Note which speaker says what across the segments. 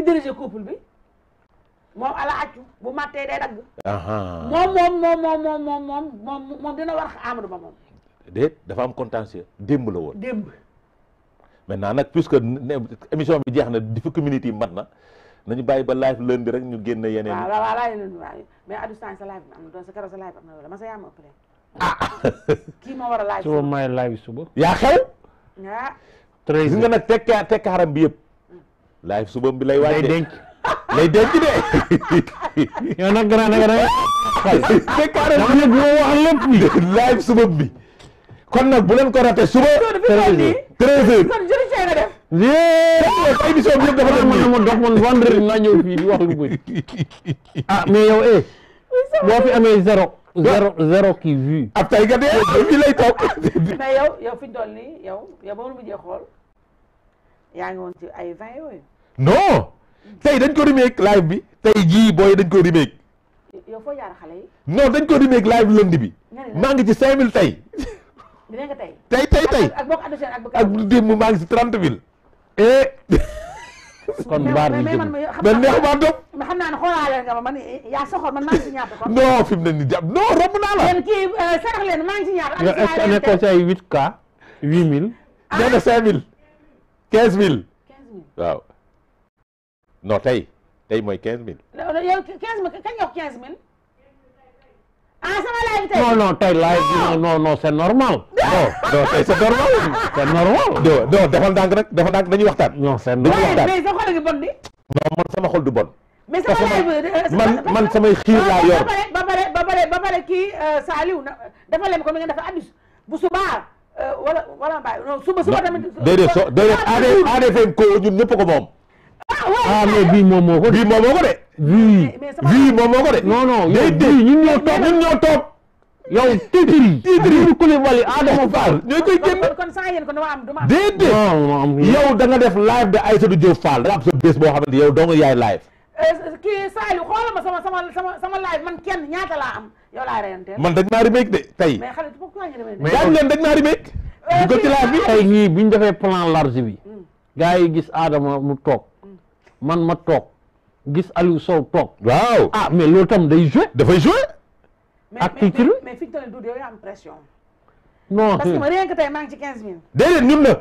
Speaker 1: ki diriger couple bi moom ala accu bu mattee day dagg.
Speaker 2: moom
Speaker 1: moom moom moom moom moom moom dina war a Amadou Ba moom.
Speaker 2: déet dafa am contentieux démb la woon. démb. maintenant nag puisque émission bi jeex na di fukki minutes yi mat na nañu bàyyi ba live lën bi rek ñu génn yeneen. waaw waaw
Speaker 1: waaw lën bi waaw mais Adou sa live bi am na doon sa keroog sa live am ma sa yaa a
Speaker 2: live suba maay ah. très nga nag tekka tekkaaram bi yëpp. live subam bi lay waaj de lay denc lay denc de yow nag grand nag dama ne bu ma wax lépp bi live subam bi kon nag bu leen ko raté suba treize
Speaker 1: heures
Speaker 2: yéen émission bi yëpp dafa doon mën na ma dox man vendredi naa ñëw fii di wax lu bëri ah mais yow eh boo fi amee zéro zéro zéro kii vu ab tay ga dee bi lay toog
Speaker 1: mais yow yow fi ñu toll nii yow yow ba mu mujjee xool yaa ngi woon ci ay vingt yooyu
Speaker 2: non tey dañ ko remake live bi tey jii booy dañ ko remake. yow dañ ko remake live bi bi. maa ngi ci 5000 tey. dinañ ko tey tey tey tey. ak boo démb maa ngi ci 30000. et. Eh. kon baar bi jëm mais xam
Speaker 1: naa ne xoolaale nga ma man yaa soxor man maa ngi ci ñaata kon. non
Speaker 2: fi mu ne nii jàpp non
Speaker 1: naa la. yéen kii euh, nekkoo ci
Speaker 2: ay 8K 8000. Ah. nee na 5000. 15000. 15000 non tey tey mooy 15000.
Speaker 1: loolu yow 15000 kañ yokk 15000. ah sama live tey. non non tey live oh. non
Speaker 2: non non c' est normal. non non normal. c' defal ndànk defal ndànk dañuy waxtaan. non c' est
Speaker 1: sa xol gi bon di.
Speaker 2: non man sama xol du bon.
Speaker 1: mais sama live man euh,
Speaker 2: man samay xiir laa ah, yor.
Speaker 1: ba ba pare ba pare kii euh, Saliou dafa ko mi nga dafa addus bu subaa euh, wala wala mbaa non suba suba tamit. déedéet soo déedéet ADFM
Speaker 2: ah, ko ñun ñëpp moom. ah mais bii moom moo ko de. bii moom moo ko de. bii bii moom moo ko de. non non yow bii ñun ñoo toog ñun ñoo toog. yow tiitiri. da nga def live de Aïssatou Diop Fall da nga am sa bés boo xamante yow dong yaay live.
Speaker 1: Euh, euh, kii Saliou xoolal ma sama man kenn ñaata laa am yow laa reyanteel. man dañ naa remake de tey. mais xale pourquoi ñu remake. leen dañ naa
Speaker 2: remake. Euh, dugal bi tey ñii bi ñu hmm. gis Adama mu toog. man ma tok gis Aliou Sow tok waaw ah mais loolu tam day jouer Mais mais
Speaker 1: mais fi tane toll pression. non parce que rien que tay mang ci 15000.
Speaker 2: dede ñun la.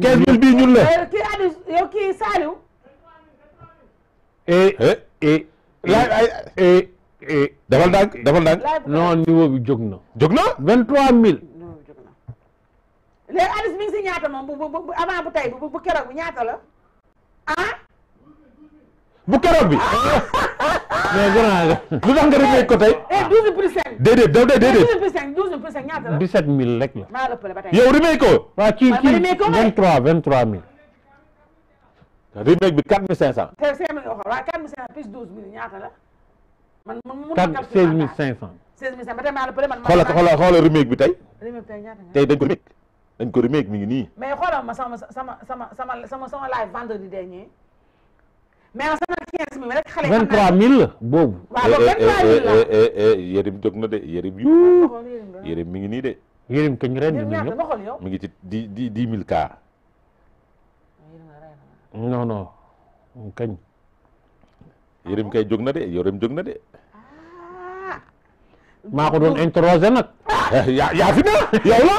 Speaker 2: 15000 Tu ñun la. yow ki et et. et. non niveau bi jogna jogna 23 000
Speaker 1: 23000. ñaata mom bu bu avant bu bu ñaata
Speaker 2: bu keroog bi. mais grand nga. lu tax nga rëggee ko tey.
Speaker 1: eh 12 pour 5. déedéet eh, déedéet déedéet. 12 pour 5 12 pour 5 ñaata la.
Speaker 2: 17000 rek la.
Speaker 1: maa lëppale ba tey yow rëggee ko.
Speaker 2: waa kii kii 23 23000. remake bi 4500.
Speaker 1: tey 5000 nga waxoon waaye 4500 plus 12000 ñaata la. man man mun na 4 16500. 16500 ba tey maa lëppale man. xoolal xoolal remake bi tey. remake bi tey ñaata la
Speaker 2: tey dañ ko remake. Je ko remake mi ngi nii.
Speaker 1: mais ça, ma sama sama sama sama sama sama live vendredi dernier mais sama ça, 000 ça, xale. 23000 eh, eh,
Speaker 2: la ça, eh, waaw ça, 23000 ça, yërim ça,
Speaker 1: ça, ça,
Speaker 2: mi ngi ça, de. ça, kañ ça, ça, mi ngi ci ça, non non kañ. ça, kay ça, na ça, yërim ça, na ça, Je ça, doon ça, nag. ça, ça,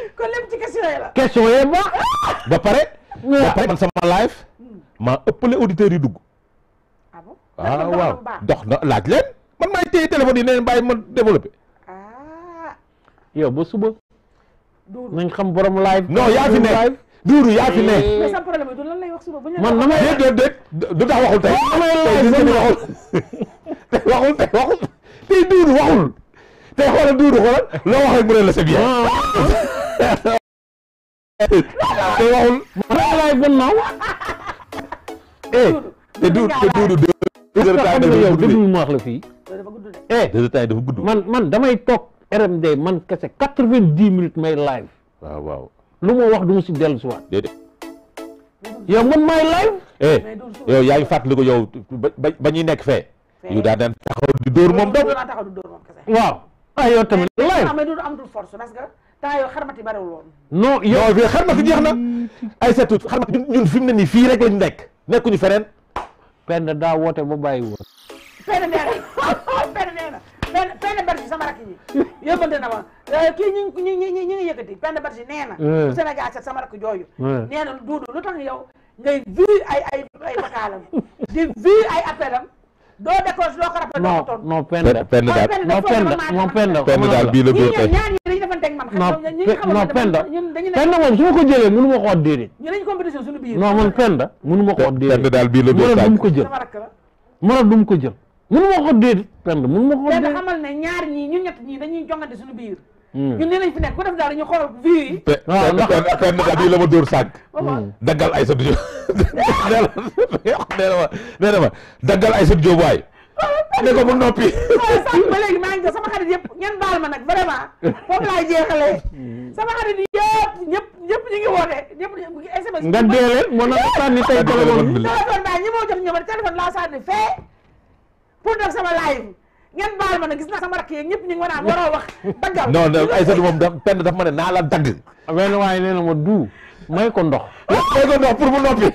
Speaker 1: question yee ba ah!
Speaker 2: ba pare ba pare man sama live maa ëppale auditeurs yi dugg ah, ah waaw dox na laaj leen man maay téye téléphone yi neen bàyyi ma développé ah. yow ba suba nañ xam borom live non yaa fi nekk duuru yaa fi nekk mais sa
Speaker 1: problème du lan lay wax suba bu ñu man damay déet
Speaker 2: déet du tax waxul tey tey waxul tey waxul tey duuru waxul tey xoolal duuru xoolal loo waxee mu ne la c'est bien
Speaker 1: te waxul ma laay gannaaw
Speaker 2: eh te du te duudu deux heures temps dafa yow déglu ma wax la fii eh, eh deux heures temps dafa gudd man man damay toog RMD man kese quatre vingt dix minutes may live waaw waaw lu ma wax du ma si dellu si waat déedéet yow man may live eh yow yaa ngi fàttali ko yow ba ñuy nekk fee yu daa daan taxaw di dóor moom dom waaw ah yow tamit eh, live
Speaker 1: temps yoo xarmati bariwul woon.
Speaker 2: non yow bi xarmati jeex na ay setu xarmati ñun fi ne nii fii rek lañ nekk nekkuñu feneen. Penda daa woote ba bàyyi woon.
Speaker 1: Penda nee na Penda nee na Penda Penda Badji sama rakk yi na ma euh, kii ñu ngi ñu ngi ñu ngi yëkkati Penda Badji nee na. Sénégal set sama rakk jooju. nee na duudu lu tax yow ngay vu ay ay ay vocaalam di vu ay appelam. doo décoche loo ko ko tontu non
Speaker 2: non penn daal da penn moom su ma ko jëlee mënu ma ko wax déedéet
Speaker 1: ñu dañ compétition suñu biir non man
Speaker 2: penn da mënu ma ko wax déedéet penn daal bii la góor tey mënu ko jël mënu du mu ko jël mënu ma ko wax déedéet penn mënu ma ko wax déedéet
Speaker 1: xamal ñaar ñii ñun ñett ñii dañuy jongante suñu biir ñun nii lañ fi nekk ku def daal ñu xool vie yi.
Speaker 2: te te te la ma dóor sànq. daggal ay sa dujo ay sa ne
Speaker 1: ko sama xarit yëpp ngeen baal ma nag vraiment foofu sama xarit yëpp ñëpp ñëpp ñu ngi woote ñëpp SMS. nga dee leen na sànni tey téléphone téléphone baa ñi moo jox ñëw téléphone laa pour sama live. ngeen baal ma na gis naa sama rakk yeeg ñëpp ñu ngi ma naan waroo wax
Speaker 2: daggal non non Aïssatou moom daf penn ma ne naa la dagg wenn waaye nee na ma du may ko ndox may ko ndox pour mu noppi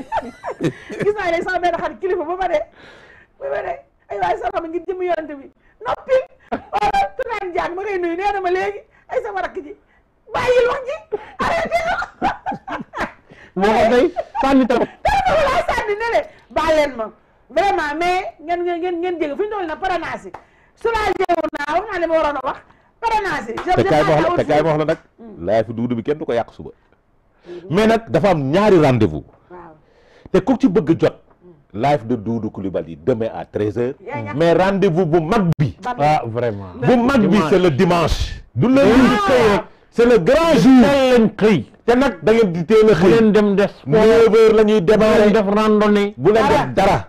Speaker 1: gis naa léegi sama benn xarit kilifa ba ma de ba ma de ay waay sama ma ngir jëm yonante bi noppi ma koy ji bàyyil wax ji arrêté moo ko ma baal leen ma vraiment ngeen ngeen ngeen fu ñu toll na paranaasi soulagé woon naa wax naa li a wax te kaay ma wax la te kaay ma wax la
Speaker 2: nag laay fi bi kenn du ko yàq suba mm. mais nag dafa am ñaari rendez-vous te ko ci bëgg jot mm. live de Doudou Coulibaly demain à 13h. mais rendez-vous bu mag bi. ah vraiment bu mag bi c'est le dimanche. du lundi ah. xëy rek c'est le grand jour. teel xëy. te nag da ngeen di teel xëy. bu dem def sport 9h la ñuy démarrer bu leen def randonnée. bu leen def dara.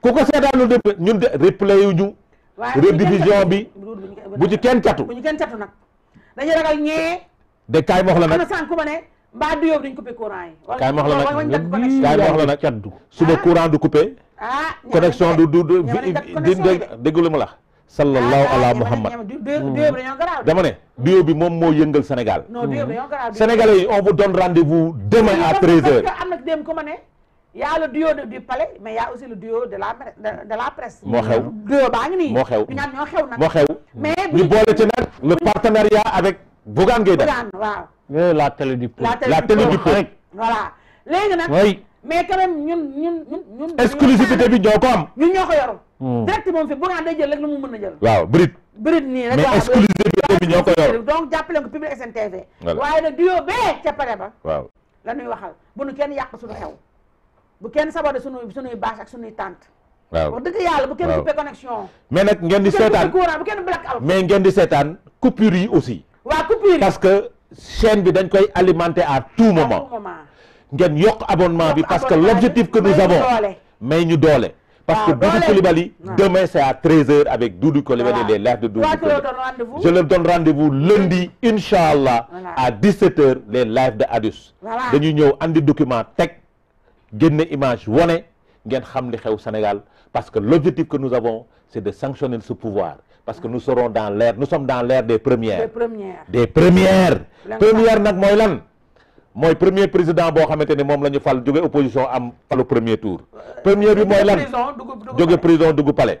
Speaker 2: ku ko seetaanul de ñun de replay yu ñu.
Speaker 1: redivision bi
Speaker 2: bu ci kenn catu. bu ci
Speaker 1: kenn catu nag dañuy ragal ñee.
Speaker 2: de kaay ma nag am na
Speaker 1: sànq ku ma ne du yóbbu dañ coupé courant yi. kaay ma wax la nag kaay ma la
Speaker 2: nag cat du suba ah? courant du coupé.
Speaker 1: ah connexion du
Speaker 2: du du di déglu ma la. sallallahu ah, ala muhammad dama ne duo bi moom moo yëngal Sénégal. non duo bu dañoo
Speaker 1: garaaw sénégalais
Speaker 2: yi demain à 13h.
Speaker 1: ma y' a le duo de, du palais mais il y' a aussi le duo de la de, de la presse. moo xew duo baa ngi nii. moo xew mais ñu boole ci
Speaker 2: le partenariat avec Bougane Gueye Dany. Bougane la télé du peuple la télé du peuple
Speaker 1: voilà léegi nag. oui mais quand même ñun ñun ñun. ñun
Speaker 2: exclusivité bi ñoo ko am.
Speaker 1: ñun ñoo ko yor. Hmm. direct moom fi Bougane day jël rek lu mu mën a jël. Wow, bërit. bërit ni, rek mais
Speaker 2: exclusivité bi ñoo ko
Speaker 1: donc jàppale ko Public SN TV. waaye nag duo bee ca pare ba. waaw la ñuy waxal bu nu kenn yàq suñu xew bu kenn saboté suñuy suñuy bâche ak suñuy tente waaw wax dëgg yàlla bu kenn coupé connexion
Speaker 2: mais nag ngeen di seetaan
Speaker 1: bu kenn black out
Speaker 2: mais di coupure yi aussi waaw coupure parce que chaîne bi dañ koy alimenter à tout moment avez yok abonnement bi parce que l'objectif que nous avons mais ñu donner. parce que Doudou Koulibaly, demain c'est à 13h avec Doudou Colibali les lives de Doudou je leur donne rendez-vous lundi Inch'Allah, à 17h les lives de Adus venir ñëw des document tech génne image Sénégal parce que l'objectif que nous avons c'est de sanctionner ce pouvoir parce que nous serons dans l'ère nous sommes dans l'ère des premières des premières première premier président boo opposition premier tour euh, première prison palais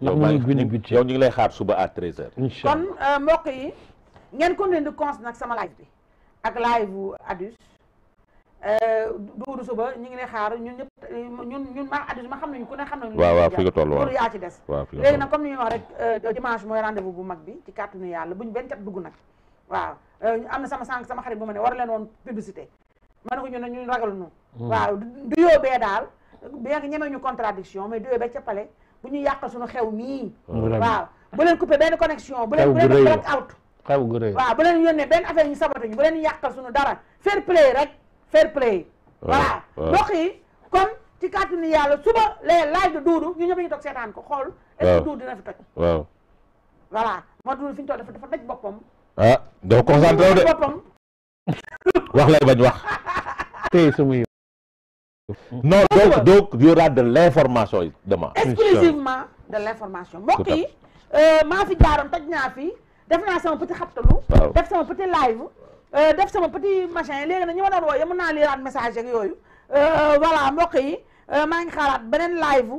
Speaker 2: yow ñu ngi lay xaar suba à 13h. incha allah
Speaker 1: kon euh, mbokk yi ngeen continuer di cons nag sama live bi ak live bu Addis. Euh, duuru suba ñu ngi lay xaar ñun ñëpp ñun ñun ma ma xam nañu ku ne xam nañu. waaw waaw fi nga toll waaw yaa ci des. waaw fi nga toll léegi nag comme ni ñuy wax rek euh, dimanche mooy rendez-vous bu mag bi ci kàttanu yàlla buñ benn cat dugg nag. waaw am na sama sànq sama xarit bu ma ne war leen woon publicité. ma ne ko ñu ne ñu ragal ñu. Mm. waaw du yóobee daal bien que ñemee ñu contradiction mais du yóobee ca bu ñu yàqal suñu xew mii waaw bu leen coupé benn connexion bu leen bu leen
Speaker 2: xew gu rëy waaw
Speaker 1: bu leen yónnee benn affaire ñu saboté ñu bu leen yàqal suñu dara fair play rek fair play
Speaker 2: voilà dox
Speaker 1: comme ci kàttanu yàlla suba les live de Doudou ñu ñëpp ñu toog seetaan ko xool est-ce que Doudou dina fi toj waaw voilà moo Doudou fi ñu toog dafa daj boppam
Speaker 2: ah doo concentré de boppam wax lay bañ wax tey sumuy Mm-hmm. non donc donc il de l'information demain. exclusivement
Speaker 1: de l'information. mbokk yi euh, maa fi jaaroon toj naa fi def naa sama petit xabtalu. def sama petit live. Euh, def sama petit machin léegi nag ñu ma doon wooye mën naa liiraat message ak yooyu euh, voilà mbokk yi maa ngi xaaraat beneen live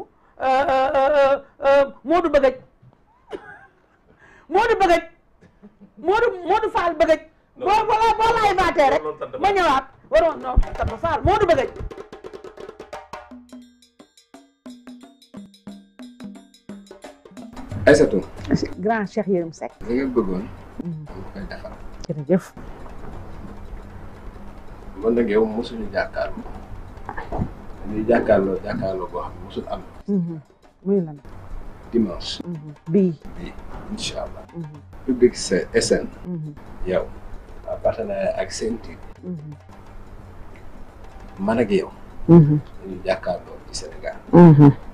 Speaker 1: Modou Bëggëj Modou Bëggëj Modou Modou Fall Bëggëj boo boo boo live aatee rek ma ñëwaat waroon non Fall Modou Bëggëj Aïssatou. grand Cheikh Yérim Seck. li ngeen bëggoon. ñu mhm.
Speaker 2: koy defal. jërëjëf. man nag yow mosuñu jàkkaarloo. dañuy jàkkaarloo jàkkaarloo boo xam ne mosul am.
Speaker 1: Mhm. muy lan.
Speaker 2: dimanche. Mhm. bii bii incha allah. public yow. en ak Sen TV. man ak yow. dañuy jàkkaarloo ci